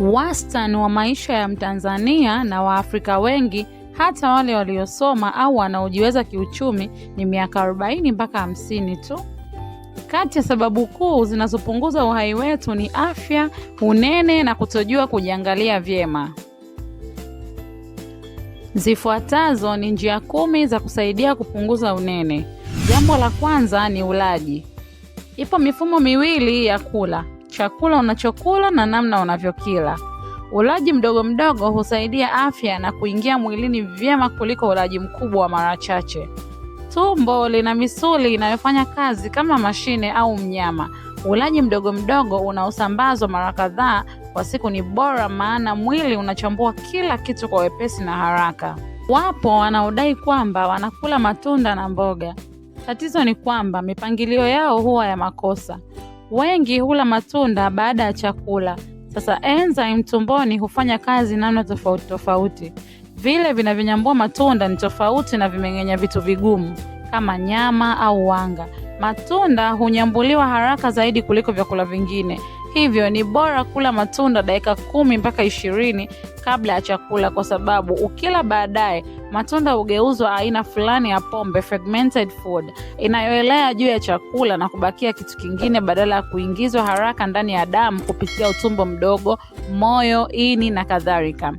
Wastani wa maisha ya Mtanzania na Waafrika wengi hata wale waliosoma au wanaojiweza kiuchumi ni miaka 40 mpaka 50 tu. Kati ya sababu kuu zinazopunguza uhai wetu ni afya, unene na kutojua kujiangalia vyema. Zifuatazo ni njia kumi za kusaidia kupunguza unene. Jambo la kwanza ni ulaji. Ipo mifumo miwili ya kula chakula unachokula na namna unavyokila. Ulaji mdogo mdogo husaidia afya na kuingia mwilini vyema kuliko ulaji mkubwa wa mara chache. Tumbo lina misuli inayofanya kazi kama mashine au mnyama. Ulaji mdogo mdogo unaosambazwa mara kadhaa kwa siku ni bora, maana mwili unachambua kila kitu kwa wepesi na haraka. Wapo wanaodai kwamba wanakula matunda na mboga. Tatizo ni kwamba mipangilio yao huwa ya makosa. Wengi hula matunda baada ya chakula. Sasa enzyme tumboni hufanya kazi namna tofauti tofauti. Vile vinavyonyambua matunda ni tofauti na vimeng'enya vitu vigumu kama nyama au wanga. Matunda hunyambuliwa haraka zaidi kuliko vyakula vingine. Hivyo ni bora kula matunda dakika kumi mpaka ishirini kabla ya chakula, kwa sababu ukila baadaye matunda hugeuzwa aina fulani ya pombe, fermented food, inayoelea juu ya chakula na kubakia kitu kingine, badala ya kuingizwa haraka ndani ya damu kupitia utumbo mdogo, moyo, ini na kadhalika.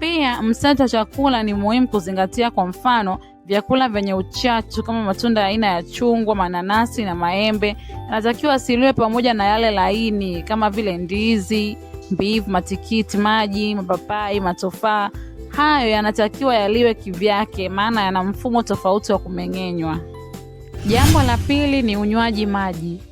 Pia mseto wa chakula ni muhimu kuzingatia. Kwa mfano, Vyakula vyenye uchachu kama matunda aina ya chungwa, mananasi na maembe yanatakiwa asiliwe pamoja na yale laini kama vile ndizi mbivu, matikiti maji, mapapai, matofaa. Hayo yanatakiwa yaliwe kivyake, maana yana mfumo tofauti wa kumeng'enywa. Jambo la pili ni unywaji maji.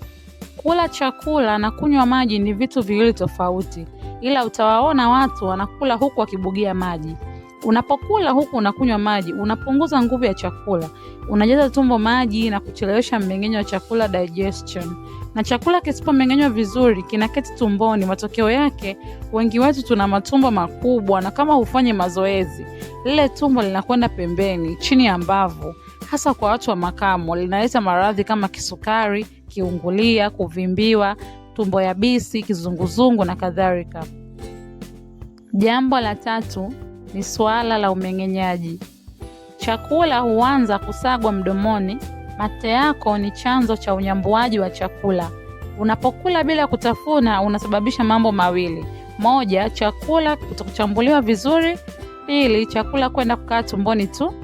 Kula chakula na kunywa maji ni vitu viwili tofauti, ila utawaona watu wanakula huku wakibugia maji. Unapokula huku unakunywa maji, unapunguza nguvu ya chakula, unajaza tumbo maji na kuchelewesha mmeng'enyo wa chakula digestion. Na chakula kisipomeng'enywa vizuri kinaketi tumboni. Matokeo yake wengi wetu tuna matumbo makubwa, na kama hufanye mazoezi, lile tumbo linakwenda pembeni, chini ya mbavu. Hasa kwa watu wa makamo, linaleta maradhi kama kisukari, kiungulia, kuvimbiwa, tumbo yabisi, kizunguzungu na kadhalika. Jambo la tatu ni suala la umeng'enyaji. Chakula huanza kusagwa mdomoni. Mate yako ni chanzo cha unyambuaji wa chakula. Unapokula bila kutafuna, unasababisha mambo mawili: moja, chakula kutochambuliwa vizuri; pili, chakula kwenda kukaa tumboni tu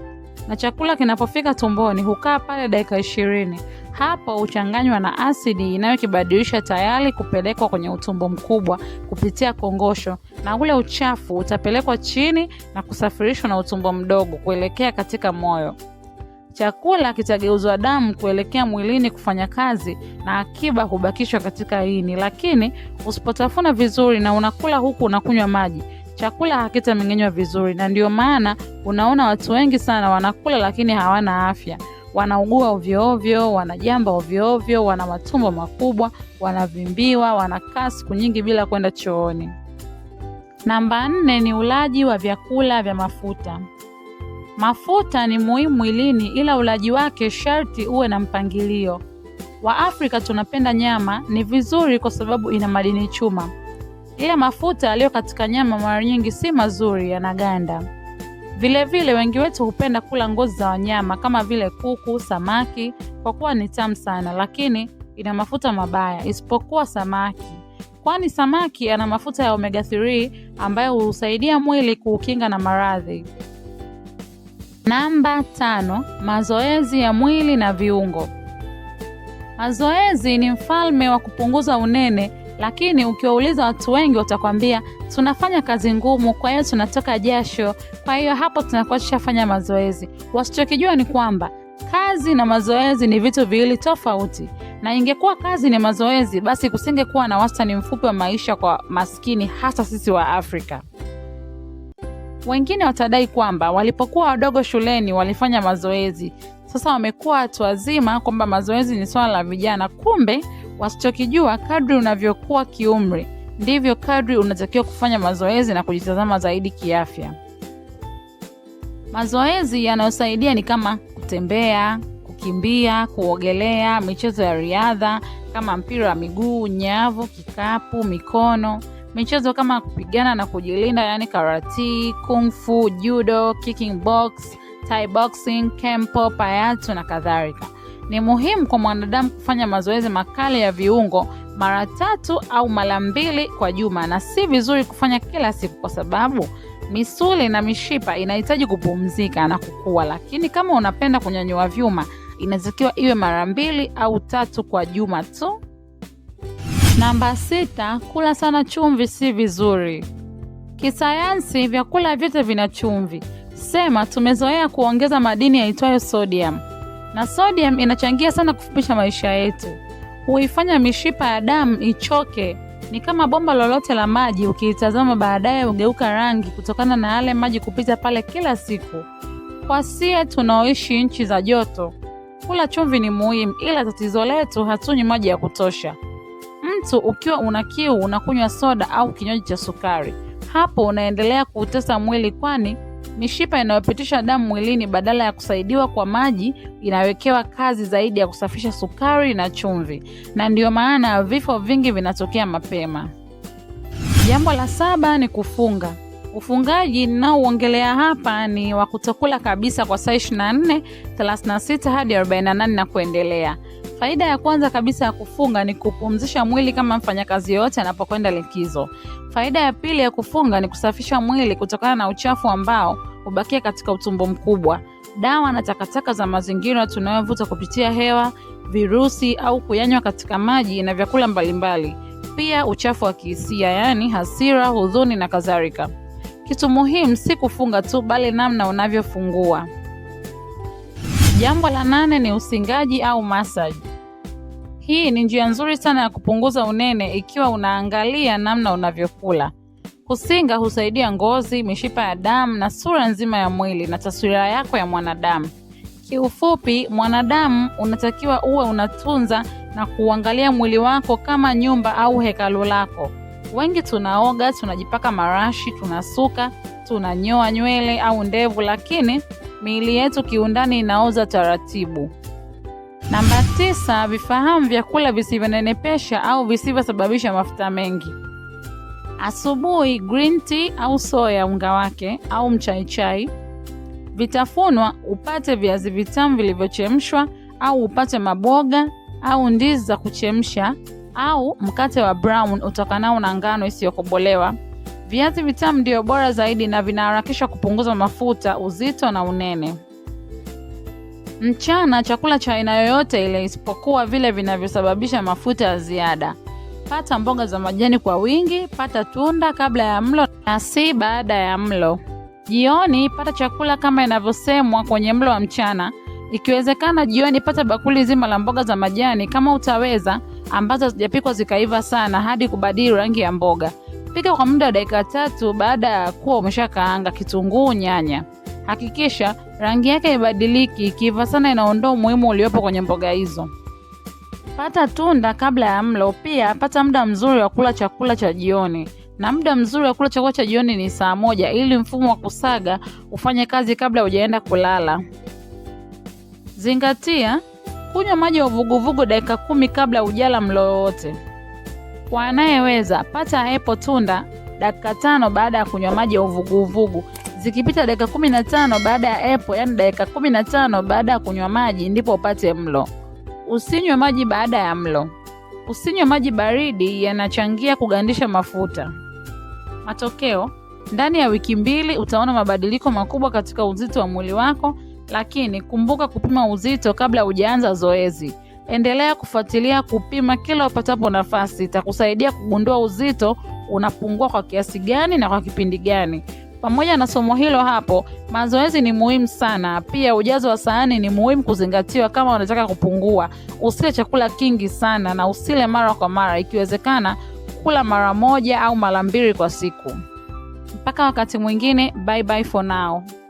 na chakula kinapofika tumboni hukaa pale dakika ishirini. Hapo huchanganywa na asidi inayokibadilisha tayari kupelekwa kwenye utumbo mkubwa kupitia kongosho, na ule uchafu utapelekwa chini na kusafirishwa na utumbo mdogo kuelekea katika moyo. Chakula kitageuzwa damu kuelekea mwilini kufanya kazi, na akiba hubakishwa katika ini. Lakini usipotafuna vizuri na unakula huku unakunywa maji chakula hakitameng'enywa vizuri, na ndio maana unaona watu wengi sana wanakula lakini hawana afya, wanaugua ovyoovyo, wanajamba ovyoovyo, wana matumbo makubwa, wanavimbiwa, wanakaa siku nyingi bila kwenda chooni. Namba nne ni ulaji wa vyakula vya mafuta. Mafuta ni muhimu mwilini, ila ulaji wake sharti uwe na mpangilio. Waafrika tunapenda nyama, ni vizuri kwa sababu ina madini chuma Ila mafuta yaliyo katika nyama mara nyingi si mazuri, yanaganda. Vilevile wengi wetu hupenda kula ngozi za wanyama kama vile kuku, samaki kwa kuwa ni tamu sana, lakini ina mafuta mabaya, isipokuwa samaki, kwani samaki ana mafuta ya omega 3 ambayo husaidia mwili kuukinga na maradhi. Namba tano: mazoezi ya mwili na viungo. Mazoezi ni mfalme wa kupunguza unene lakini ukiwauliza watu wengi watakwambia tunafanya kazi ngumu, kwa hiyo tunatoka jasho, kwa hiyo hapo tunakuwa tushafanya mazoezi. Wasichokijua ni kwamba kazi na mazoezi ni vitu viwili tofauti, na ingekuwa kazi ni mazoezi, basi kusingekuwa na wastani mfupi wa maisha kwa maskini, hasa sisi wa Afrika. Wengine watadai kwamba walipokuwa wadogo shuleni walifanya mazoezi, sasa wamekuwa watu wazima, kwamba mazoezi ni swala la vijana, kumbe Wasichokijua, kadri unavyokuwa kiumri, ndivyo kadri unatakiwa kufanya mazoezi na kujitazama zaidi kiafya. Mazoezi yanayosaidia ni kama kutembea, kukimbia, kuogelea, michezo ya riadha kama mpira wa miguu, nyavu, kikapu, mikono, michezo kama kupigana na kujilinda, yani karate, kung fu, judo, kicking box, thai boxing, kempo, payatu na kadhalika. Ni muhimu kwa mwanadamu kufanya mazoezi makali ya viungo mara tatu au mara mbili kwa juma, na si vizuri kufanya kila siku, kwa sababu misuli na mishipa inahitaji kupumzika na kukua. Lakini kama unapenda kunyanyua vyuma, inatakiwa iwe mara mbili au tatu kwa juma tu. Namba sita, kula sana chumvi si vizuri. Kisayansi, vyakula vyote vina chumvi. Sema tumezoea kuongeza madini yaitwayo sodium na sodium inachangia sana kufupisha maisha yetu, huifanya mishipa ya damu ichoke. Ni kama bomba lolote la maji, ukiitazama baadaye hugeuka rangi kutokana na yale maji kupita pale kila siku. Kwa sie tunaoishi nchi za joto, kula chumvi ni muhimu, ila tatizo letu hatunywi maji ya kutosha. Mtu ukiwa una kiu unakunywa soda au kinywaji cha sukari, hapo unaendelea kuutesa mwili, kwani Mishipa inayopitisha damu mwilini badala ya kusaidiwa kwa maji inawekewa kazi zaidi ya kusafisha sukari na chumvi, na ndiyo maana vifo vingi vinatokea mapema. Jambo la saba ni kufunga. Ufungaji ninaouongelea hapa ni wa kutokula kabisa kwa saa 24, 36 hadi 48 na kuendelea. Faida ya kwanza kabisa ya kufunga ni kupumzisha mwili kama mfanyakazi yoyote anapokwenda likizo. Faida ya pili ya kufunga ni kusafisha mwili kutokana na uchafu ambao hubakia katika utumbo mkubwa, dawa na takataka za mazingira tunayovuta kupitia hewa, virusi au kuyanywa katika maji na vyakula mbalimbali. Pia uchafu wa kihisia, yaani hasira, huzuni na kadhalika. Kitu muhimu si kufunga tu, bali namna unavyofungua. Jambo la nane ni usingaji au massage. Hii ni njia nzuri sana ya kupunguza unene ikiwa unaangalia namna unavyokula. Kusinga husaidia ngozi, mishipa ya damu na sura nzima ya mwili na taswira yako ya mwanadamu. Kiufupi, mwanadamu unatakiwa uwe unatunza na kuangalia mwili wako kama nyumba au hekalu lako. Wengi tunaoga, tunajipaka marashi, tunasuka, tunanyoa nywele au ndevu, lakini miili yetu kiundani inaoza taratibu. Namba tisa, vifahamu vyakula visivyonenepesha au visivyosababisha mafuta mengi. Asubuhi green tea au soya unga wake au mchaichai. Vitafunwa upate viazi vitamu vilivyochemshwa au upate maboga au ndizi za kuchemsha au mkate wa brown utokanao na ngano isiyokobolewa. Viazi vitamu ndio bora zaidi na vinaharakisha kupunguza mafuta, uzito na unene. Mchana chakula cha aina yoyote ile isipokuwa vile vinavyosababisha mafuta ya ziada. Pata mboga za majani kwa wingi, pata tunda kabla ya mlo na si baada ya mlo. Jioni pata chakula kama inavyosemwa kwenye mlo wa mchana. Ikiwezekana jioni pata bakuli zima la mboga za majani kama utaweza, ambazo hazijapikwa zikaiva sana hadi kubadili rangi ya mboga. Pika kwa muda wa dakika tatu baada ya kuwa umeshakaanga kitunguu, nyanya. Hakikisha rangi yake ibadiliki ikiiva sana inaondoa umuhimu uliopo kwenye mboga hizo. Pata tunda kabla ya mlo. Pia pata muda mzuri wa kula chakula cha jioni, na muda mzuri wa kula chakula cha jioni ni saa moja ili mfumo wa kusaga ufanye kazi kabla hujaenda kulala. Zingatia kunywa maji ya uvuguvugu dakika kumi kabla hujala mlo wowote. Kwa anayeweza pata epo tunda dakika tano baada ya kunywa maji ya uvuguvugu. Zikipita dakika kumi na tano baada ya epo, yani dakika kumi na tano baada ya kunywa maji ndipo upate mlo. Usinywe maji baada ya mlo. Usinywe maji baridi, yanachangia kugandisha mafuta. Matokeo, ndani ya wiki mbili utaona mabadiliko makubwa katika uzito wa mwili wako, lakini kumbuka kupima uzito kabla hujaanza zoezi. Endelea kufuatilia kupima kila upatapo nafasi, itakusaidia kugundua uzito unapungua kwa kiasi gani na kwa kipindi gani. Pamoja na somo hilo hapo, mazoezi ni muhimu sana. Pia ujazo wa sahani ni muhimu kuzingatiwa kama unataka kupungua. Usile chakula kingi sana na usile mara kwa mara, ikiwezekana kula mara moja au mara mbili kwa siku. Mpaka wakati mwingine, bye bye for now.